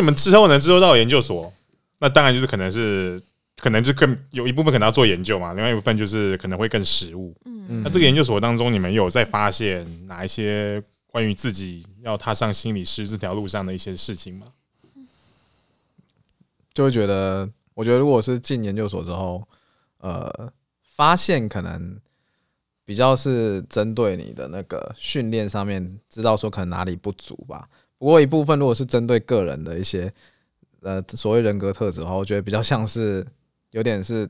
你們之後能之後到研究所，那當然就是可能是可能就更有一部分可能要做研究嘛，另外一部分就是可能會更實務。嗯嗯，那這個研究所當中，你們有在發現哪一些關於自己要踏上心理師這條路上的一些事情嗎？就會覺得，我覺得如果是進研究所之後，呃，發現可能比較是針對你的那個訓練上面，知道說可能哪裡不足吧。不過一部分，如果是針對個人的一些，呃，所謂人格特質的話，我覺得比較像是有點是，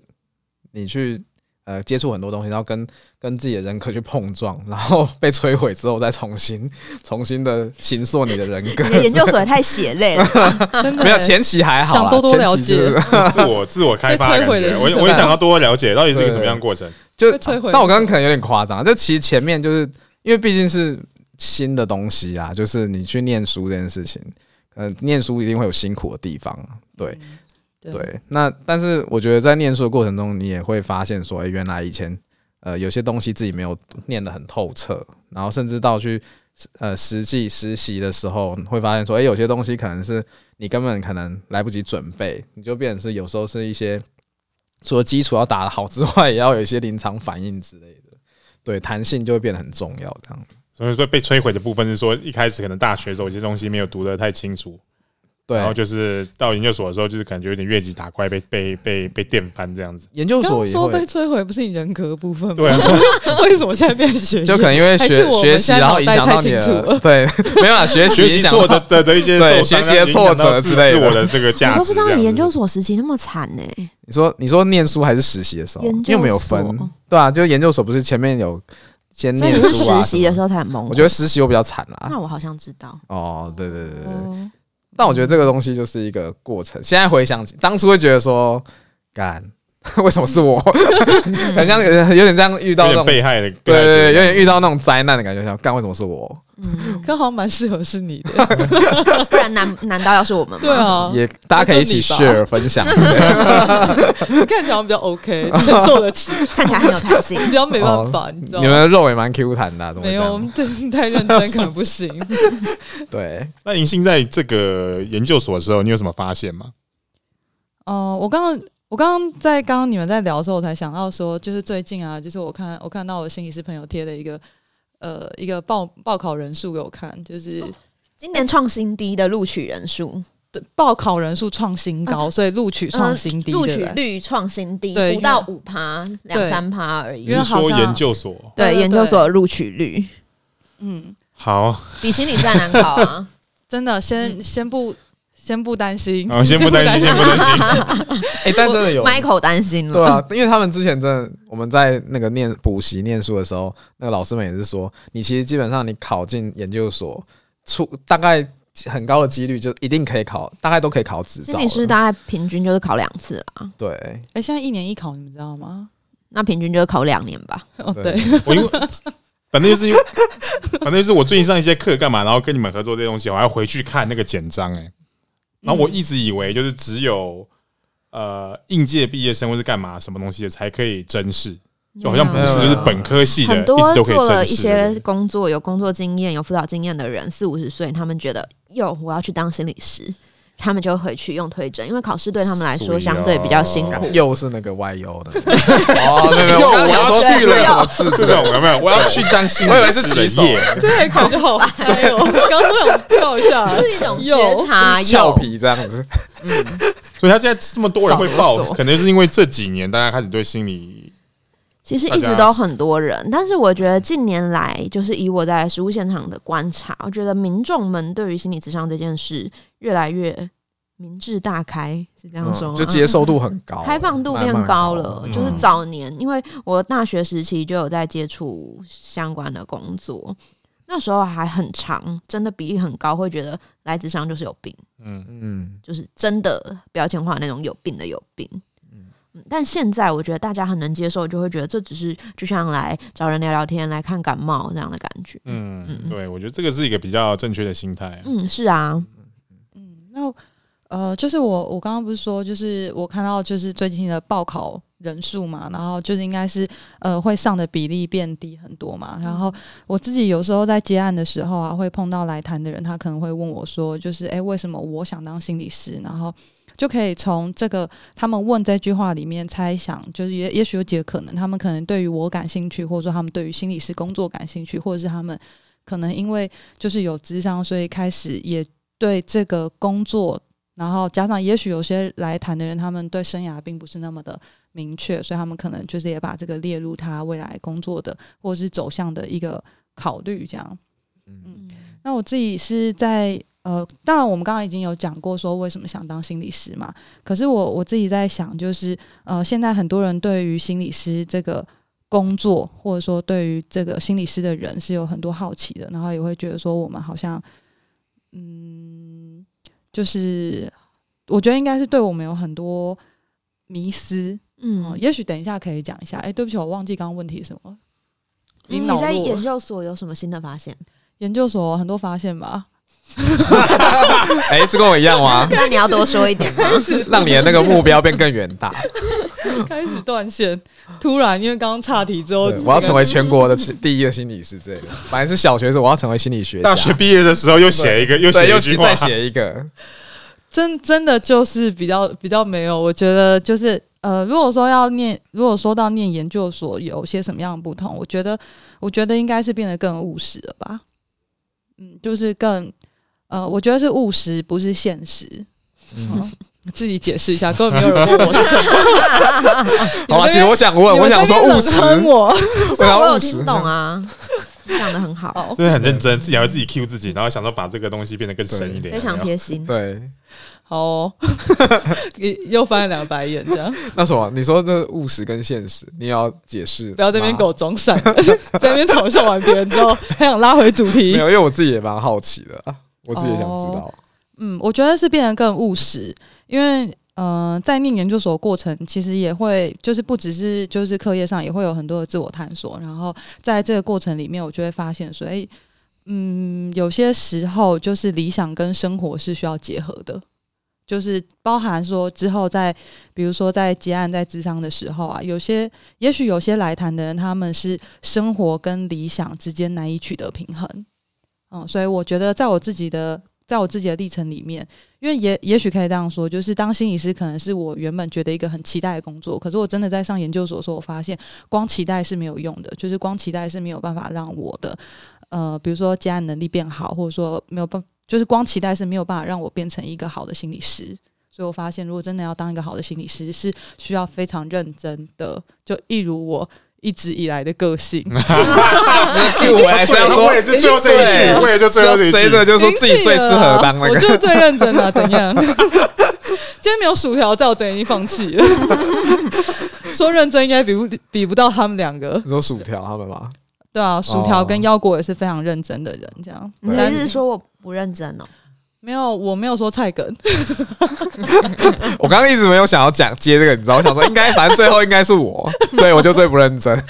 你去呃接觸很多東西，然後跟跟自己的人格去碰撞，然後被摧毀之後，再重新重新的形塑你的人格。研究所太血淚了，真的， 沒有前期還好，想多多了解。 自我自我開發，我也我也想要多多了解，到底是一個什麼樣的過程？就但我剛剛可能有點誇張，就其實前面就是因為畢竟是，新的東西啊，就是你去念書這件事情，呃，念書一定會有辛苦的地方，對，嗯、對，對。那但是我覺得在念書的過程中，你也會發現說，誒、欸，原來以前呃有些東西自己沒有念得很透徹，然後甚至到去呃實際實習的時候，你會發現說，誒、欸，有些東西可能是你根本可能來不及準備，你就變成是有時候是一些除了基礎要打得好之外，也要有一些臨場反應之類的，對，彈性就會變得很重要，這樣子。所以說被摧毀的部分是說，一開始可能大學的時候有些東西沒有讀得太清楚，對，然後就是到研究所的時候，就是感覺有點越級打怪，被被被被電翻這樣子。研究所說被摧毀不是你人格的部分嗎？對，為什麼現在變學？就可能因為學學習然後影響到你。對，沒有啊，學學習講錯的對 的的一些對學習挫折之類的，我的這個價。都不知道你研究所實習那麼慘呢？你說你說念書還是實習的時候，又沒有分，對啊，就是研究所不是前面有。先念書啊！實習的時候才懵。我覺得實習我比較慘啦。那我好像知道。哦，對對對對。但我覺得這個東西就是一個過程。現在回想起當初會覺得說，幹，為什麼是我？很像有點這樣遇到被害的，對對對，對，有，有點遇到那種災難的感覺，像幹為什麼是我？嗯，剛好蠻適合是你的，不然難難道要是我們嗎？對啊，也大家可以一起 share 分享。看起來我比較 OK，承受得起，看起來很有彈性，比較沒辦法，你們的肉也蠻 Q 彈的，沒有我們太認真可能不行。對，那銀杏在這個研究所的時候，你有什麼發現嗎？哦，我剛剛我剛剛在剛剛你們在聊的時候，我才想到說，就是最近啊，就是我看我看到我心理師朋友貼的一個。呃，一個報報考人數給我看，就是今年創新低的錄取人數，對報考人數創新高，所以錄取創新低，錄取率創新低，不到五趴，兩三趴而已。你說研究所？對，研究所的錄取率，嗯，好，比心理再難考啊！真的，先先不。先不擔心，先不擔心，先不擔心。哎，但真的有，Michael 擔心了。對啊，因為他們之前真的，我們在那個念補習、補習念書的時候，那個老師們也是說，你其實基本上你考進研究所，出大概很高的幾率就一定可以考，大概都可以考執照。其你大概平均就是考兩次啊？對。哎、欸，現在一年一考，你們知道嗎？那平均就是考兩年吧？哦、對。對 我因為反正就是因為，反正就是我最近上一些課幹嘛，然後跟你們合作這些東西，我還要回去看那個簡章、欸。嗯、然後我一直以為就是只有，呃，應屆畢業生或是幹嘛什麼東西的才可以甄試，就好像不是，就是本科系的都很多做了一些工作，對對，有工作經驗有輔導經驗的人四五十歲，他們覺得喲，我要去當心理師。他們就回去用推甄，因為考試對他們來說相對比較辛苦。又是那個 y O 的，哦，有沒有，我要去了，自自認沒有沒有，我要去當心理職業。這考就好哎呦，剛剛讓我跳一下，是一種覺察，俏皮這樣子。所以，他現在這麼多人會報，可能是因為這幾年大家開始對心理。其實一直都很多人，家但是我覺得近年來，就是以我在實務現場的觀察，嗯、我覺得民眾們對於心理諮商這件事越來越明智大開，是這樣說，嗯、就接受度很高，開、啊、放度變高了。高的就是早年，嗯嗯因為我大學時期就有在接觸相關的工作，那時候還很長，真的比例很高，會覺得來諮商就是有病，嗯嗯，嗯就是真的標籤化那種有病的有病。但現在我覺得大家很能接受，就會覺得這只是就像來找人聊聊天，來看感冒這樣的感覺。嗯，嗯，嗯對，我覺得這個是一個比較正確的心態。嗯，是啊。嗯那呃，就是我我剛剛不是說，就是我看到就是最近的報考人數嘛，然後就是應該是呃會上的比例變低很多嘛。然後我自己有時候在接案的時候啊，會碰到來談的人，他可能會問我說，就是誒、欸，為什麼我想當心理師？然後。就可以從這個他們問這句話裡面猜想，就是也也許有幾個可能，他們可能對於我感興趣，或者說他們對於心理師工作感興趣，或者是他們可能因為就是有諮商，所以開始也對這個工作。然後，加上也許有些來談的人，他們對生涯並不是那麼的明確，所以他們可能就是也把這個列入他未來工作的或者是走向的一個考慮。這樣，嗯，那我自己是在。呃，當然，我們剛剛已經有講過說為什麼想當心理師嘛。可是我我自己在想，就是呃，現在很多人對於心理師這個工作，或者說對於這個心理師的人，是有很多好奇的，然後也會覺得說我們好像，嗯，就是我覺得應該是對我們有很多迷思。嗯，呃、也許等一下可以講一下。哎、欸，對不起，我忘記剛剛問題是什麼你了、嗯。你在研究所有什麼新的發現？研究所很多發現吧。哎、 欸，是跟我一樣嗎？那你要多說一點，讓你的那個目標變更遠大。 開始斷線，突然因為剛剛岔題之後，我要成為全國的 第一個心理師、這個。這樣，反正是小學的時候，我要成為心理學，大學畢業的時候又寫一個，對又寫又寫再寫一個。真真的就是比較比較沒有，我覺得就是呃，如果說要念，如果說到念研究所有些什麼樣的不同，我覺得我覺得應該是變得更務實了吧。嗯，就是更。呃，我覺得是務實，不是現實。嗯，自己解釋一下，根本沒有人問我是什麼。好了，其實我想問，我想說務實。我我有聽懂啊，講的很好，真的很認真，自己還會自己 cue 自己，然後想說把這個東西變得更深一點，非常貼心。對，好，你又翻了兩個白眼，這樣。那什麼？你說這務實跟現實，你也要解釋，不要這邊給我裝傻，在那邊嘲笑完別人之後，還想拉回主題？沒有，因為我自己也蠻好奇的啊。我自己也想知道、哦，嗯，我覺得是變得更務實，因為，嗯、呃，在念研究所過程，其實也會就是不只是就是課業上也會有很多的自我探索，然後在這個過程裡面，我就會發現所以、欸、嗯，有些時候就是理想跟生活是需要結合的，就是包含說之後在，比如說在接案在諮商的時候啊，有些也許有些來談的人，他們是生活跟理想之間難以取得平衡。嗯，所以我覺得，在我自己的，在我自己的歷程裡面，因為也也許可以這樣說，就是當心理師可能是我原本覺得一個很期待的工作，可是我真的在上研究所的時候，我發現光期待是沒有用的，就是光期待是沒有辦法讓我的，呃，比如說接案能力變好，或者說沒有辦，就是光期待是沒有辦法讓我變成一個好的心理師。所以我發現，如果真的要當一個好的心理師，是需要非常認真的，就一如我。一直以來的個性， 給我來說，我也是最後這一句，我也就最後這一句，隨着就說自己最適合當那個、啊，我就最認真啊，怎樣？ 今天沒有薯條，在我真已經放棄了。 說認真應該比不比不到他們兩個，你說薯條他們吧，對啊，薯條跟腰果也是非常認真的人，這樣。對是你意思是說我不認真哦？沒有，我沒有說菜梗。 我剛剛一直沒有想要講接這個，你知道，我想說應該，反正最後應該是我， 對，我就最不認真。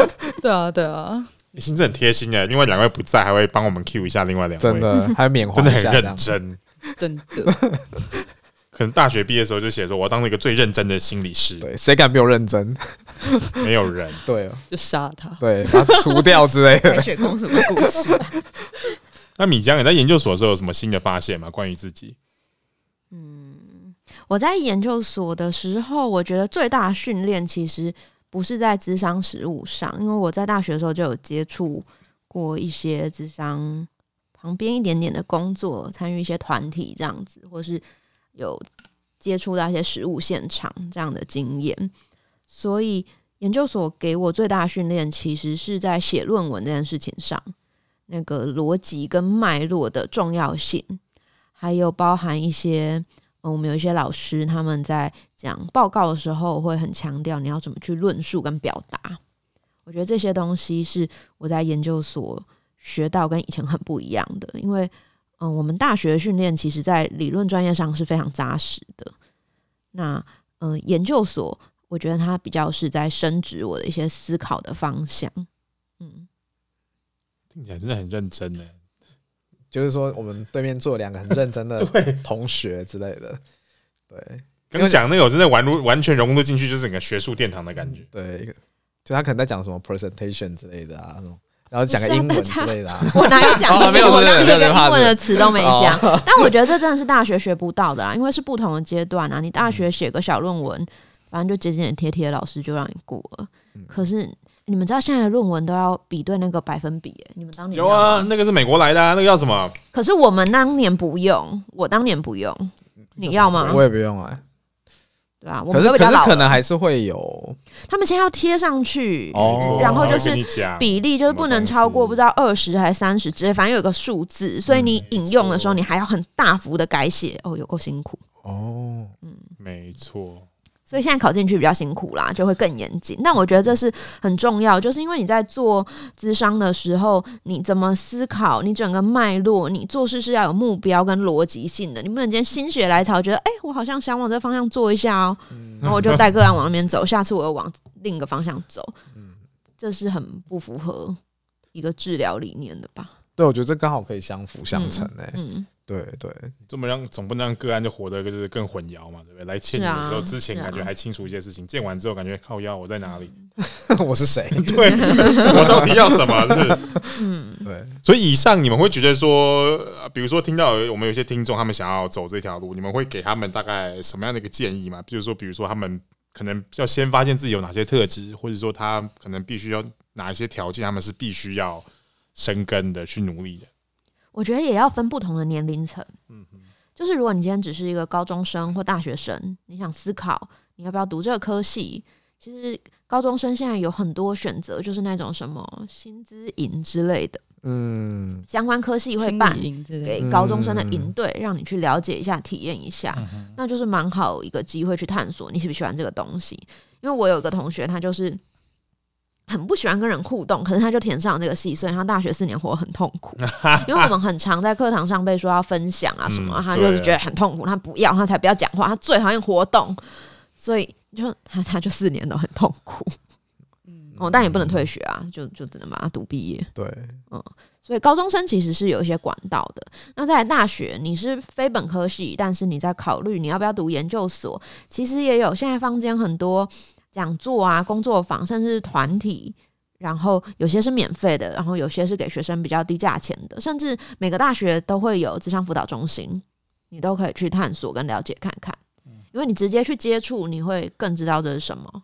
對啊，對啊。你心真很貼心哎，另外兩位不在，還會幫我們 cue 一下另外兩位。真的，還緬懷一下。真的很認真， 真的。可能大學畢業的時候就寫說，我當那個最認真的心理師。對，誰敢沒有認真？ 沒有人。對哦了就殺了他。對，他除掉之類的。白雪公主的故事啊。那米漿你在研究所的時候有什麼新的發現嗎？關於自己？嗯，我在研究所的時候，我覺得最大訓練其實不是在諮商實務上，因為我在大學的時候就有接觸過一些諮商旁邊一點點的工作，參與一些團體這樣子，或是有接觸到一些實務現場這樣的經驗，所以研究所給我最大訓練其實是在寫論文這件事情上。那個邏輯跟脈絡的重要性，還有包含一些，嗯，我們有一些老師他們在講報告的時候會很強調你要怎麼去論述跟表達。我覺得這些東西是我在研究所學到跟以前很不一樣的，因為，嗯、呃，我們大學的訓練其實在理論專業上是非常扎實的。那，嗯、呃，研究所我覺得它比較是在深植我的一些思考的方向。你講真的很認真呢，就是說我們對面坐兩個很認真的同學之類的，對。剛剛講那個我真的完如完全融入進去，就是整個學術殿堂的感覺。對，就他可能在講什麼 presentation 之類的啊，然後講個英文之類的啊，我哪有講都沒有，我連英文的詞都沒講。但我覺得這真的是大學學不到的啦，啊，因為是不同的階段啊。你大學寫個小論文，反正就剪剪貼貼，老師就讓你過了。可是。你們知道現在的論文都要比對那個百分比、欸？哎，你們當年有啊？那個是美國來的、啊，那個叫什麼？可是我們當年不用，我當年不用，要你要嗎？我也不用哎、啊。對啊，我們可是比較可是可能還是會有。他們先要貼上去，哦、然後就是比例就是不能超過不知道二十還是三十，之類。反正有個數字，所以你引用的時候你還要很大幅的改寫哦，有夠辛苦哦。嗯，沒錯。所以現在考進去比較辛苦啦，就會更嚴謹。但我覺得這是很重要，就是因為你在做諮商的時候，你怎麼思考，你整個脈絡，你做事是要有目標跟邏輯性的。你不能今天心血來潮，覺得哎、欸，我好像想往這方向做一下哦、喔，嗯、然後我就帶個案往那邊走， 下次我又往另一個方向走。嗯，這是很不符合一個治療理念的吧？對，我覺得這剛好可以相輔相成誒、欸嗯，嗯。對對，對這麼讓，總不能讓個案就活得就是更混淆嘛，對不對？來見你的時候，啊、之前感覺還清楚一些事情，啊、見完之後感覺靠腰，我在哪裡， 我是誰誰，對 我到底要什麼？是、是、嗯。對。所以以上你們會覺得說，比如說聽到我們有些聽眾他們想要走這條路，你們會給他們大概什麼樣的一個建議嗎？比如說，比如說他們可能要先發現自己有哪些特質，或者說他可能必須要哪一些條件，他們是必須要深耕的，去努力的。我覺得也要分不同的年齡層，嗯，就是如果你今天只是一個高中生或大學生，你想思考你要不要讀這個科系，其實高中生現在有很多選擇，就是那種什麼薪資營之類的，嗯，相關科系會辦給高中生的營隊，讓你去了解一下、體驗一下，嗯嗯、那就是蠻好一個機會去探索你喜不喜歡這個東西。因為我有一個同學，他就是。很不喜歡跟人互動，可是他就填上這個系。所以他大學四年活得很痛苦，因為我們很常在課堂上被說要分享啊什麼， 嗯、他就是覺得很痛苦，他不要，他才不要講話，他最討厭活動，所以就他他就四年都很痛苦，嗯，哦，但也不能退學啊，就就只能把他讀畢業，對，嗯，所以高中生其實是有一些管道的，那在大學你是非本科系，但是你在考慮你要不要讀研究所，其實也有現在坊間很多。講座啊，工作坊，甚至是團體，然後有些是免費的，然後有些是給學生比較低價錢的，甚至每個大學都會有諮商輔導中心，你都可以去探索跟了解看看，嗯、因為你直接去接觸，你會更知道這是什麼。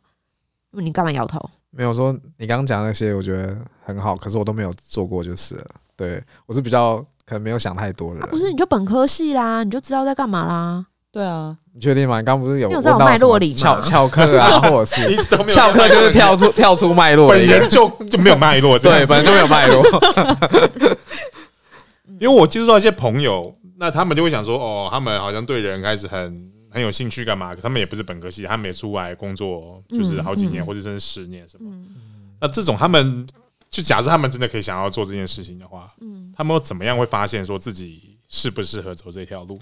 那你幹嘛搖頭？沒有說，你剛剛講那些，我覺得很好，可是我都沒有做過，就是了。對，我是比較可能沒有想太多的人、啊、不是你就本科系啦，你就知道在幹嘛啦？對啊。你確定嗎？你剛不是有在脈絡裡嗎？翹翹課啊，或者是 一直都沒有翹課，就是跳出跳出脈絡。本人就就沒有脈絡，對，本人就沒有脈絡。 因為我接觸到一些朋友，那他們就會想說，哦，他們好像對人開始很很有興趣，幹嘛？可他們也不是本科系，他們也出來工作就是好幾年，嗯嗯、或者甚至十年什麼。嗯、那這種他們就假設他們真的可以想要做這件事情的話，嗯、他們又怎麼樣會發現說自己適不適合走這條路？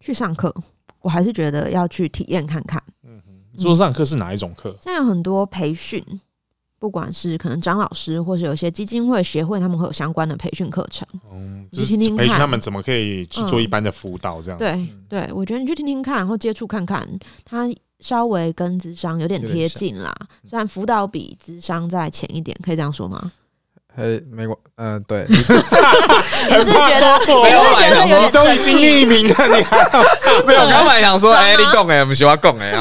去上課，我還是覺得要去體驗看看。嗯哼，說上課是哪一種課？現在、嗯、有很多培訓，不管是可能張老師，或是有些基金會、協會，他們會有相關的培訓課程。嗯，你聽聽看，他們怎麼可以去做一般的輔導？這樣子、嗯、對對，我覺得你去聽聽看，然後接觸看看，他稍微跟諮商有點貼近啦。嗯、雖然輔導比諮商再淺一點，可以這樣說嗎？哎，hey, 美國，嗯、呃，對，你 是覺得錯沒有我？我講，你都已經匿名了，你看，沒有。 我剛想說，哎嗎，理工、欸，哎，我們喜歡工，哎，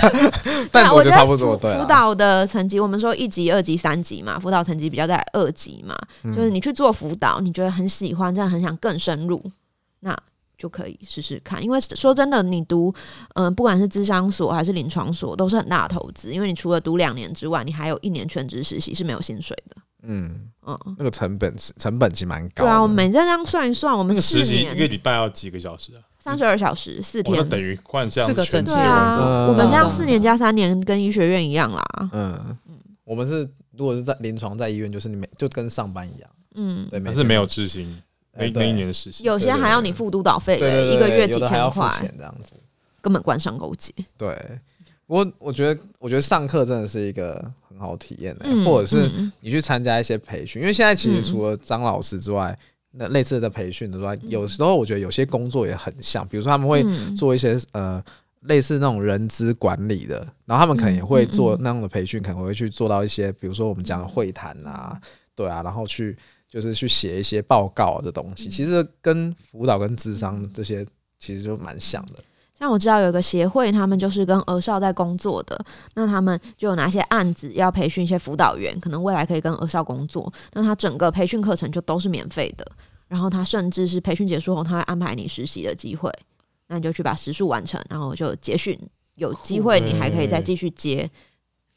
但我覺得差不多對。輔導的成績，我們說一級、二級、三級嘛，輔導成績比較在二級嘛，就是你去做輔導，你覺得很喜歡，真的很想更深入，那就可以試試看。因為說真的，你讀，嗯、呃，不管是諮商所還是臨床所，都是很大的投資。因為你除了讀兩年之外，你還有一年全職實習是沒有薪水的。嗯嗯，那個成本成本其實蠻高。對啊，我們這樣算一算，我們那實習一個禮拜要幾個小時啊？三十二小時，四天等於換算四個正職。對啊，我們這樣四年加三年，跟醫學院一樣啦。嗯我們是如果是在臨床在醫院，就是你每就跟上班一樣。嗯，對，還是沒有支薪。那每一年的實習，有些還要你付督導費，一個月幾千塊這樣子，根本官商勾結。對，我我覺得我覺得上課真的是一個。很好體驗的、欸，或者是你去參加一些培訓，嗯嗯、因為現在其實除了張老師之外，那類似的培訓的話，嗯、有時候我覺得有些工作也很像，比如說他們會做一些、嗯、呃類似那種人資管理的，然後他們可能也會做那樣的培訓，嗯嗯、可能會去做到一些，比如說我們講的會談啊，對啊，然後去就是去寫一些報告的、啊、東西，嗯、其實跟輔導、跟諮商這些其實就蠻像的。像我知道有一個協會，他們就是跟兒少在工作的，那他們就有哪些案子要培訓一些輔導員，可能未來可以跟兒少工作。那他整個培訓課程就都是免費的，然後他甚至是培訓結束後，他會安排你實習的機會，那你就去把時數完成，然後就結訓。有機會你還可以再繼續接，欸、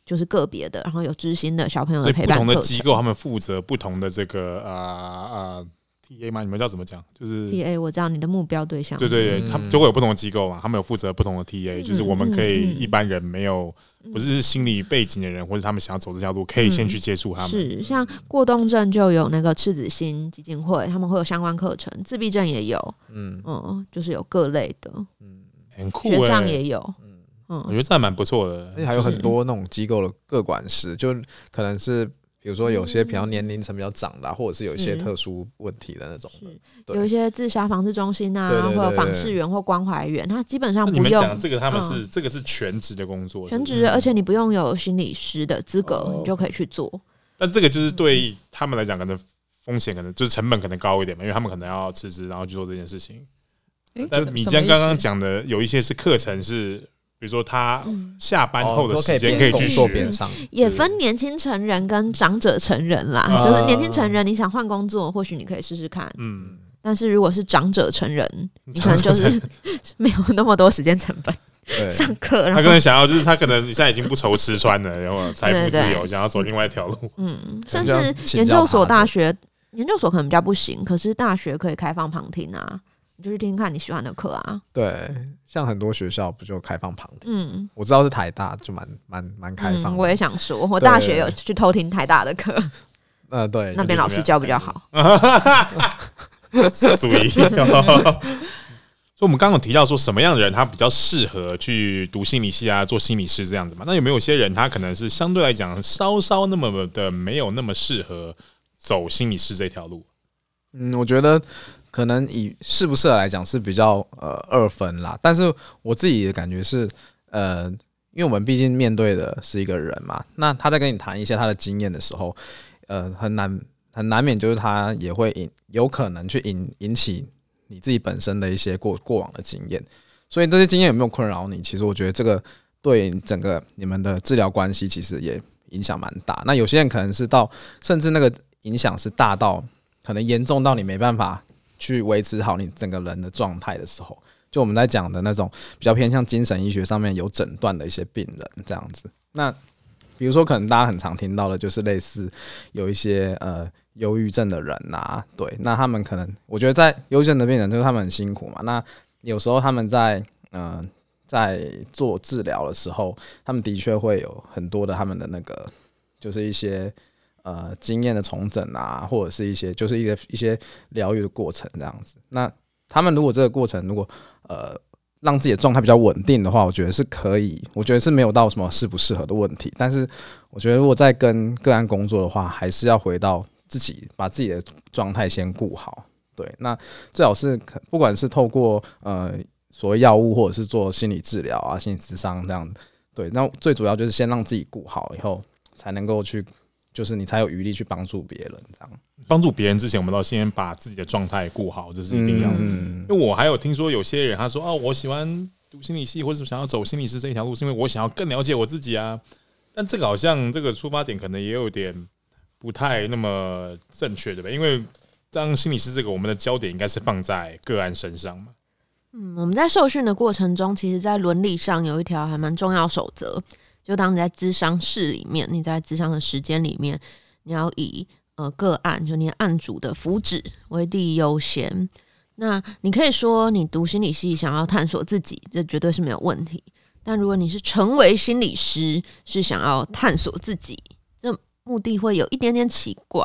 就是個別的，然後有知心的小朋友的陪伴。不同的機構他們負責不同的這個呃呃。啊啊 T A 嗎？你們知道怎麼講？就是 T A，我知道你的目標對象。對對對、欸，他們就會有不同的機構嘛，他們有負責不同的 T A，嗯、就是我們可以一般人沒有，不是心理背景的人，嗯、或者他們想要走這條路，可以先去接觸他們。是像過動症就有那個赤子心基金會，他們會有相關課程；自閉症也有，嗯嗯，就是有各類的，嗯，很酷、欸。學長也有，嗯嗯，我覺得這樣還蠻不錯的，而且還有很多那種機構的個管師，就可能是。比如說有些比較年齡層比較長的，或者是有一些特殊問題的那種，有一些自殺防治中心啊，或者防治員或關懷員，他基本上不用。你們講這個他們是這個是全職的工作，全職，而且你不用有心理師的資格，你就可以去做。但這個就是對他們來講，可能風險可能就是成本可能高一點嘛，因為他們可能要辭職然後去做這件事情。但是米漿剛剛講的有一些是課程是。比如說，他下班後的時間可以去做邊上，也分年輕成人跟長者成人啦。就是年輕成人，你想換工作，或許你可以試試看。嗯，但是如果是長者成人，你可能就是沒有那麼多時間成本。上課，他可能想要，就是他可能現在已經不愁吃穿了，然後財富自由，想要走另外一條路。嗯，甚至研究所、大學，研究所可能比較不行，可是大學可以開放旁聽啊。就是聽聽看你喜歡的課啊！對，像很多學校不就開放旁聽？嗯，我知道是台大就蠻蠻蠻開放，嗯。我也想說，我大學有去偷聽台大的課。嗯對、呃，對，那邊老師教比較好。所以，所以我們剛剛有提到說，什麼樣的人他比較適合去讀心理系啊，做心理師這樣子嘛？那有沒有一些人他可能是相對來講稍稍那麼的沒有那麼適合走心理師這條路？嗯，我覺得。可能以適不適合來講是比較呃二分啦，但是我自己的感覺是呃，因為我們畢竟面對的是一個人嘛，那他在跟你談一些他的經驗的時候，呃，很難很難免就是他也會引有可能去引引起你自己本身的一些過過往的經驗，所以這些經驗有沒有困擾你？其實我覺得這個對整個你們的治療關係其實也影響蠻大。那有些人可能是到甚至那個影響是大到可能嚴重到你沒辦法。去維持好你整個人的狀態的時候，就我們在講的那種比較偏向精神醫學上面有診斷的一些病人這樣子。那比如說，可能大家很常聽到的就是類似有一些呃憂鬱症的人吶、啊，對，那他們可能我覺得在憂鬱症的病人，就是他們很辛苦嘛。那有時候他們在嗯、呃、在做治療的時候，他們的確會有很多的他們的那個就是一些。呃，經驗的重整啊，或者是一些，就是一個一些療癒的過程這樣子。那他們如果這個過程，如果呃，讓自己的狀態比較穩定的話，我覺得是可以，我覺得是沒有到什麼適不適合的問題。但是，我覺得如果在跟個案工作的話，還是要回到自己把自己的狀態先顧好。對，那最好是不管是透過呃所謂藥物，或者是做心理治療啊、心理諮商這樣子。對，那最主要就是先讓自己顧好，以後才能夠去。就是你才有餘力去幫助別人，這樣幫助別人之前，我們都要先把自己的狀態顧好，這是一定要的。因為我還有聽說有些人他說啊，我喜歡讀心理系，或者想要走心理師這一條路，是因為我想要更了解我自己啊。但這個好像這個出發點可能也有點不太那麼正確，對吧？因為當心理師這個，我們的焦點應該是放在個案身上嘛。嗯，我們在受訓的過程中，其實，在倫理上有一條還蠻重要守則。就當你在諮商室裡面，你在諮商的時間裡面，你要以呃個案，就你的案主的福祉為第一優先。那你可以說，你讀心理系想要探索自己，這絕對是沒有問題。但如果你是成為心理師，是想要探索自己，這目的會有一點點奇怪。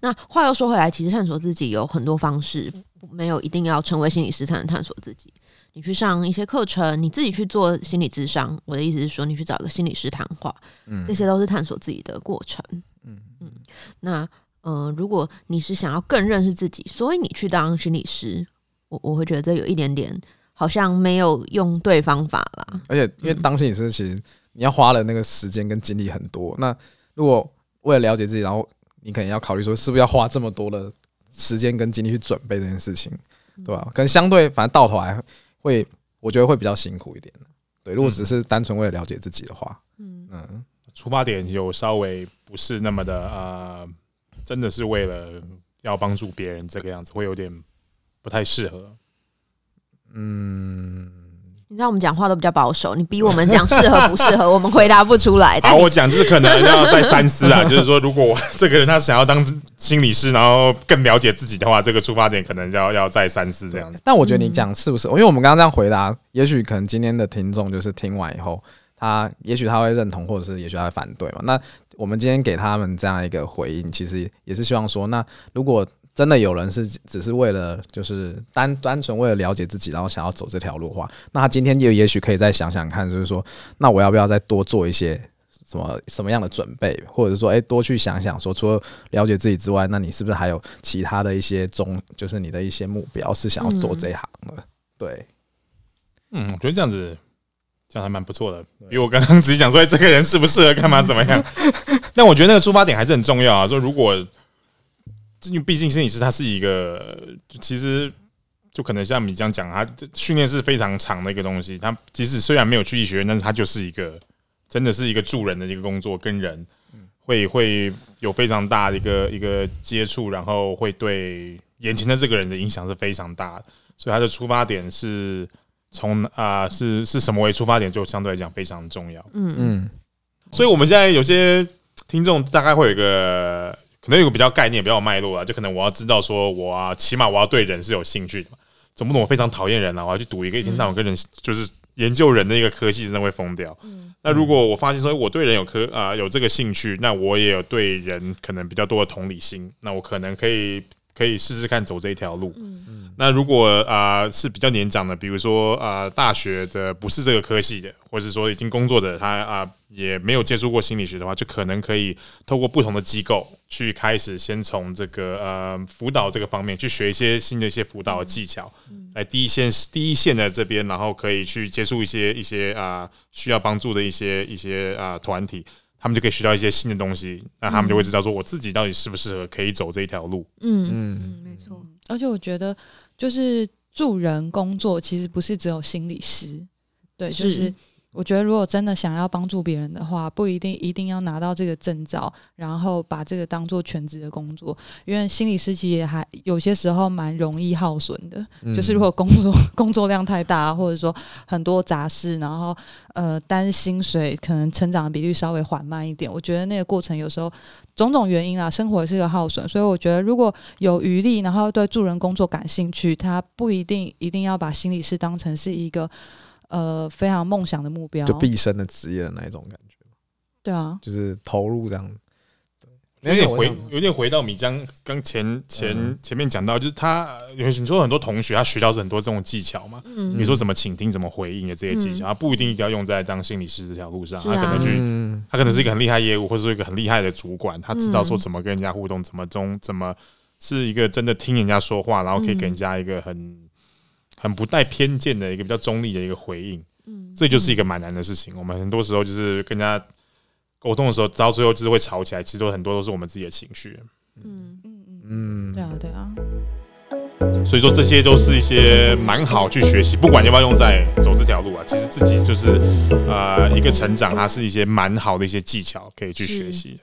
那話又說回來，其實探索自己有很多方式，沒有一定要成為心理師才能探索自己。你去上一些課程，你自己去做心理諮商。我的意思是說，你去找個心理師談話，嗯、這些都是探索自己的過程。嗯嗯。嗯，那呃，如果你是想要更認識自己，所以你去當心理師，我我會覺得這有一點點好像沒有用對方法啦。嗯、而且，因為當心理師，其實你要花的那個時間跟精力很多。那如果為了了解自己，然後你可能要考慮說，是不是要花這麼多的時間跟精力去準備這件事情，嗯、對吧？可能相對，反正到頭來。會，我覺得會比較辛苦一點。對，如果只是單純為了了解自己的話，嗯，嗯，出發點有稍微不是那麼的啊，呃，真的是為了要幫助別人這個樣子，會有點不太適合。嗯。你知道我們講話都比較保守，你逼我們講適合不適合， 我們回答不出來的。我講是可能要再三思啊， 就是說，如果這個人他想要當心理師，然後更了解自己的話，這個出發點可能要要再三思這樣子。但我覺得你講是不是？嗯。因為我們剛剛這樣回答，也許可能今天的聽眾就是聽完以後，他也許他會認同，或者是也許他會反對嘛。那我們今天給他們這樣一個回應，其實也是希望說，那如果。真的有人是，只是為了就是單單純為了了解自己，然後想要走這條路的話，那他今天就也許可以再想想看，就是說，那我要不要再多做一些什麼什麼樣的準備，或者說，誒、欸、多去想想說，說除了了解自己之外，那你是不是還有其他的一些中，就是你的一些目標是想要做這一行的？嗯、對，嗯，我覺得這樣子這樣還蠻不錯的，因為對我剛剛只是講說這個人適不適合幹嘛怎麼樣。 但我覺得那個出發點還是很重要啊，說如果。因為畢竟心理師他是一個，其實就可能像米漿這樣講，他訓練是非常長的一個東西。他即使雖然沒有去醫學院，但是他就是一個真的是一個助人的一個工作，跟人會會有非常大的一個一個接觸，然後會對眼前的這個人的影響是非常大。所以他的出發點是從啊，是是什麼為出發點，就相對來講非常重要。嗯嗯，所以我們現在有些聽眾大概會有一個。可能有個比較概念，比較脈絡啦。就可能我要知道，說我啊，起碼我要對人是有興趣的嘛，總不能我非常討厭人啊，我要去讀一個一天到晚跟人就是研究人的一個科技，真的會瘋掉。嗯、那如果我發現說我對人有科啊、呃、有這個興趣，那我也有對人可能比較多的同理心，那我可能可以。可以試試看走這一條路。嗯嗯、那如果啊、呃、是比較年長的，比如說啊、呃、大學的不是這個科系的，或者說已經工作的他啊、呃、也沒有接觸過心理學的話，就可能可以透過不同的機構去開始先從這個呃輔導這個方面去學一些新的一些輔導的技巧，來、嗯嗯、第一線第一線的這邊，然後可以去接觸一些一些啊、呃、需要幫助的一些一些啊團、呃、體。他們就可以學到一些新的東西，那他們就會知道說，我自己到底適不適合可以走這一條路。嗯嗯，嗯，嗯，沒錯。而且我覺得，就是助人工作其實不是只有心理師，對，是就是。我覺得，如果真的想要幫助別人的話，不一定一定要拿到這個證照，然後把這個當做全職的工作。因為心理師其實也還有些時候蠻容易耗損的，嗯、就是如果工作工作量太大，或者說很多雜事，然後呃，擔心薪水可能成長的比率稍微緩慢一點。我覺得那個過程有時候種種原因啊，生活是個耗損，所以我覺得如果有餘力，然後對助人工作感興趣，他不一定一定要把心理師當成是一個。呃，非常夢想的目標，就畢生的職業的那一種感覺。對啊，就是投入這樣。有點回，有點回到米漿剛前前，嗯、前面講到，就是他，有你說很多同學他學到是很多這種技巧嘛？嗯、你說怎麼傾聽，怎麼回應的這些技巧，嗯、他不一定一定要用在當心理師這條路上，嗯、他可能去，他可能是一個很厲害業務，或者說一個很厲害的主管，他知道說怎麼跟人家互動，怎麼中，怎麼是一個真的聽人家說話，然後可以給人家一個很。嗯很不帶偏見的一個比較中立的一個回應，嗯，這就是一個蠻難的事情。嗯、我們很多時候就是跟人家溝通的時候，到最後就是會吵起來。其實很多都是我們自己的情緒，嗯嗯嗯，對啊對啊。所以說這些都是一些蠻好去學習，不管要不要用在走這條路啊，其實自己就是呃一個成長，它是一些蠻好的一些技巧可以去學習的。